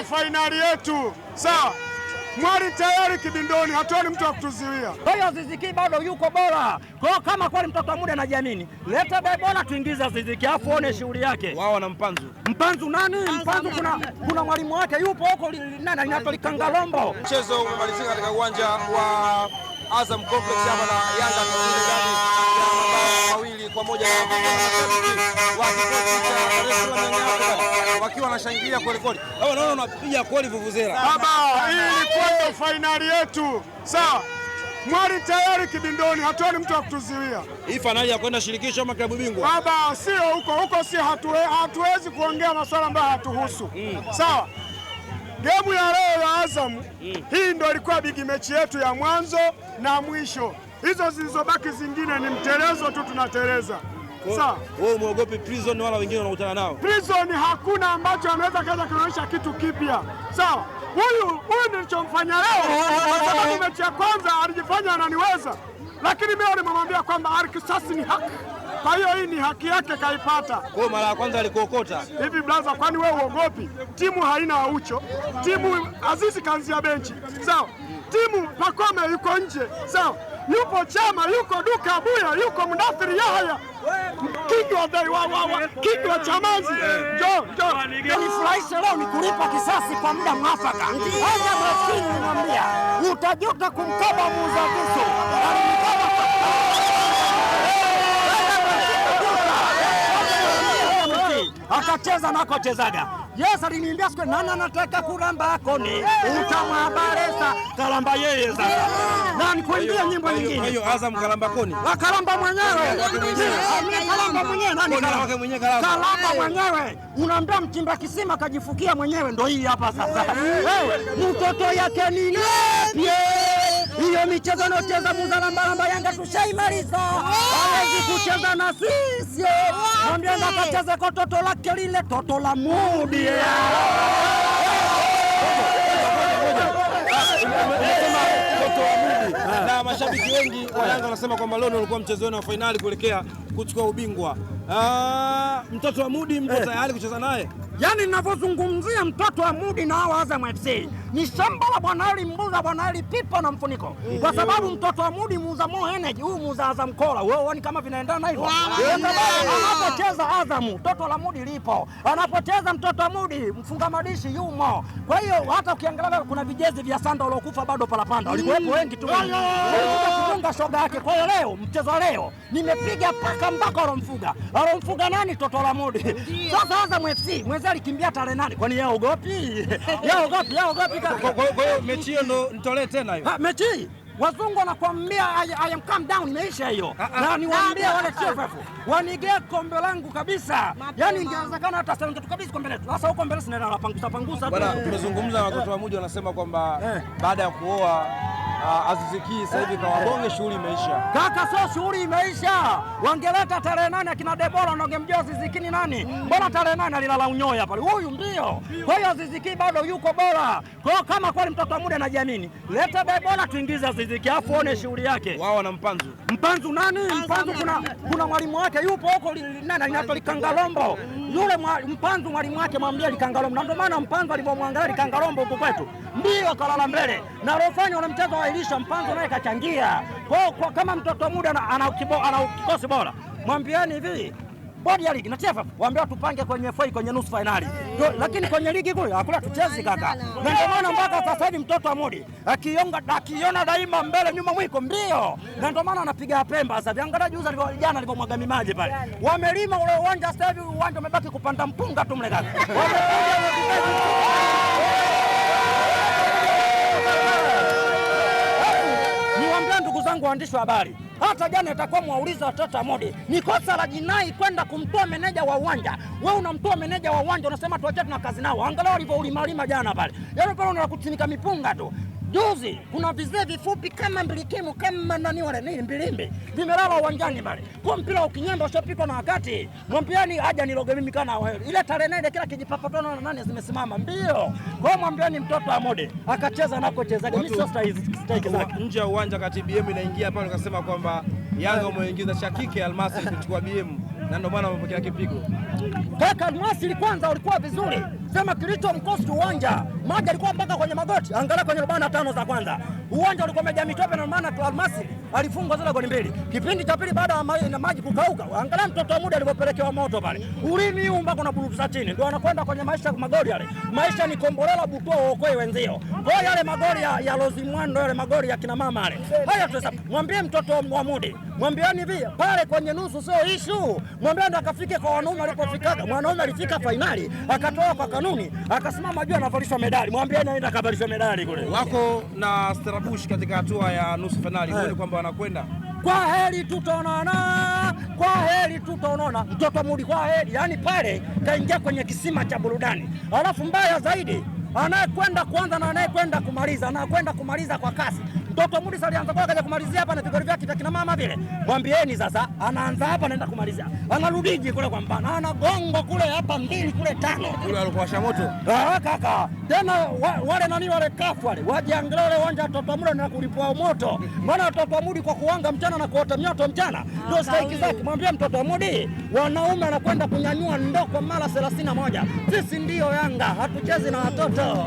ndio fainali yetu. Sawa, Mwari tayari kibindoni, hatuoni mtu wa kutuzuia. Kwa hiyo Ziziki bado yuko bora. Kwa hiyo kama kweli mtoto wa muda anajiamini, leta bora tuingiza Ziziki afu one shughuli yake. Wao wana mpanzu mpanzu nani? Mpanzu kuna kuna mwalimu wake yupo huko nani anaitwa Likangalombo. Mchezo umemalizika katika uwanja wa Azam Complex hapa na Yanga pamoja na wa kikosi cha wakiwa wanashangilia kweli kweli. Hawa naona unapiga kweli vuvuzela. Baba, hii ni finali yetu. Sawa. Mwari tayari kibindoni, hatuoni mtu wa kutuzuia. Hii fainali ya kwenda shirikisho ama klabu bingwa. Baba, sio huko huko, si hatuwezi kuongea masuala ambayo hatuhusu. Mm. Sawa. Gemu ya Azamu mm. Hii ndo ilikuwa bigi mechi yetu ya mwanzo na mwisho. Hizo zilizobaki zingine ni mterezo tu, tunatereza Sawa, wewe umeogopi prison wala wengine wanakutana nao prison? Hakuna ambacho anaweza kaza kuonyesha kitu kipya. Sawa, huyu huyu nilichomfanya leo, kwa sababu mechi ya kwanza alijifanya ananiweza, lakini mimi nimemwambia kwamba arkisasi ni haki kwa hiyo hii ni haki yake kaipata. Kwa mara ya kwanza alikuokota hivi. Blaza, kwani wewe uogopi? Timu haina aucho, timu Azizi kaanzia benchi, sawa. Timu Pakome yuko nje, sawa. Yupo Chama, yuko Duka Abuya, yuko Mdathiri Yahaya, kichwa Chamazi. Nifurahisha leo ni kulipa kisasi kwa muda mwafaka. Hata maskini nimwambia, utajuta kumkaba muuza visu. akacheza nakochezaga. Yes, aliniambia siku nana nataka kuramba koni utamwabaresa kalamba yeye za Na nikuimbie nyimbo nyingine. hiyo Azam kalamba koni. Akaramba ah, mwenyewe. kalamba mwenyewe nani kalamba mwenyewe Unaambia mchimba kisima kajifukia mwenyewe ndio hii hapa sasa. Wewe mtoto yake ni nani? Hiyo michezo nocheza cheza Yanga tushaimaliza. Hawezi kucheza na sisi. Nondienda toto lake lile toto la mudi na mashabiki wengi wa Yanga wanasema kwamba leo ndio ulikuwa mchezo wenu wa fainali kuelekea kuchukua ubingwa. Ah, mtoto wa Mudi mko eh. tayari kucheza naye? Yaani ninavyozungumzia mtoto wa Mudi na hawa Azam FC ni shamba la Bwana Ali Mbuza, Bwana Ali Pipo na Mfuniko, eh, kwa eh. sababu mtoto wa Mudi muuza Mo Energy, huyu muuza Azam Kola, Wewe uone kama vinaendana hivyo. Anapocheza Azamu mtoto la Mudi lipo, anapocheza mtoto wa Mudi mfunga madishi yumo. Kwa hiyo hata ukiangalia kuna vijezi vya Sanda waliokufa bado Palapanda walikuwepo mm. wengi tu kufunga shoga yake. Kwa hiyo leo mchezo wa leo nimepiga paka mpaka walomfuga alomfuga nani? Toto la Mudi. Sasa Azam mwefsi, mwezi alikimbia tarehe nane, kwani yeye ogopi? Yeye ogopi? Yeye ogopi? Kwa hiyo mechi hiyo ndo nitolee tena hiyo mechi Wazungu wanakuambia I, I am calm down, imeisha hiyo. Ah, ah. Na niwaambie wale TFF wanige kombe langu kabisa, yaani ingewezekana hata sare tatu kabisa kombe letu. Sasa huko mbele sinaenda, la pangusa. pangusa Bwana, tumezungumza na eh. watoto wa mji wanasema kwamba eh. baada ya kuoa uh, Aziziki sasa hivi kwa wabonge shughuli imeisha kaka, sio shughuli imeisha. Wangeleta tarehe nane akina Debora nogemjia Aziziki ni nani? Mbona tarehe nane alilala unyoya pale, huyu ndio. Kwa hiyo Aziziki bado yuko bora. Kwa hiyo kama kweli mtoto wa muda anajiamini, leta Debora tuingize Aziziki afu one shughuli yake. Wao wana mpanzu mpanzu nani? Mpanzu kuna kuna mwalimu wake yupo huko nani, anaitwa Likangalombo yule mpanzu mwalimu wake mwambie Likangalombo, na ndio maana mpanzu alivyomwangalia Likangalombo huko kwetu ndio akalala mbele, na lofanya wana mchezo wailisha mpanzu naye kachangia kwa, kwa kama mtoto muda ana, ana, ana, kikosi bora, mwambieni hivi bodi ya ligi na TFF waambiwa tupange kwenye foi kwenye nusu finali. Hey, eh. lakini kwenye ligi kule hakuna tuchezi kaka, na ndio maana mpaka sasa hivi mtoto Amudi akionga akiona daima mbele nyuma mwiko mbio, na ndio maana anapiga Pemba sasa hivi. Angalia juzi jana alivyomwaga mimaji pale, wamelima ule uwanja sasa hivi uwanja umebaki kupanda mpunga tu mle kaka. Niwaambia ndugu zangu waandishi wa habari hata jana atakuwa mwauliza Tata Modi, ni kosa la jinai kwenda kumtoa meneja wa uwanja. Wewe unamtoa meneja wa uwanja, unasema tuachie, tuna kazi nao. Angalau ulimalima jana pale, yaani pale kutinika mipunga tu. Juzi kuna vizee vifupi kama mbilikimu kama nani wale nini mbilimbi vimelala uwanjani pale, kwa mpira ukinyenda ushapitwa na wakati. Mwambiani aje niloge mimi kana wao ile tarehe nane kila kijipapatano na nani zimesimama mbio. Kwa hiyo mwambiani mtoto wa amode akacheza kocheza. mimi sio style style zake nje ya uwanja. Kati BM inaingia pale, ukasema kwamba Yanga umeingiza shakike Almasi kuchukua BM, na ndio maana wamepokea kipigo. Kaka Almasi kwanza ulikuwa vizuri sema kilicho mkosi uwanja, maji alikuwa mpaka kwenye magoti, angalau kwenye arobaini na tano za kwanza. Uwanja ulikuwa umejaa mitope, na maana tu Almasi alifungwa zile goli mbili. Kipindi cha pili baada ya maji kukauka, angalau mtoto wa muda alipopelekewa moto pale, ulimi huu mpaka na unaburuza chini, ndio anakwenda kwenye maisha magoli yale. Maisha ni kombolela butoa uokoe wenzio, kwa yale magoli ya, ya Lozimwando yale magoli ya kina mama yale. Haya, tusa mwambie mtoto wa mudi mwambieni via pale kwenye nusu, sio ishu. Mwambieni ndo akafike kwa wanaume alipofikaga. Mwanaume alifika fainali akatoa kwa kanuni, akasimama juu, anavalishwa medali. Mwambieni aenda akavalishwa medali kule. Wako na Starabush katika hatua ya nusu fainali, eh. huoni kwamba wanakwenda kwa heri tutaonana, kwa heri tutaonana, mtoto mudi, kwa heri. Yaani pale kaingia kwenye kisima cha burudani, alafu mbaya zaidi, anayekwenda kuanza na anayekwenda kumaliza, anayekwenda kumaliza kwa kasi. Mtoto Mudi alianza kwa kaja kumalizia hapa na vigori vyake vya kina mama vile. Mwambieni sasa anaanza hapa anaenda kumalizia. Anarudiji kule kwa mpana. Ana gongo kule hapa mbili kule tano. Kule alikuwa moto. Ah kaka. Tena wa, wale nani wale kafu wale. Wajiangalia wale wanja Mtoto Mudi na kulipua moto. Maana Mtoto Mudi kwa kuanga mchana na kuota mioto mchana. Ah, ndio stake zake. Mwambie Mtoto Mudi wanaume anakwenda kunyanyua ndoko mara 31. Sisi ndio Yanga hatuchezi na watoto.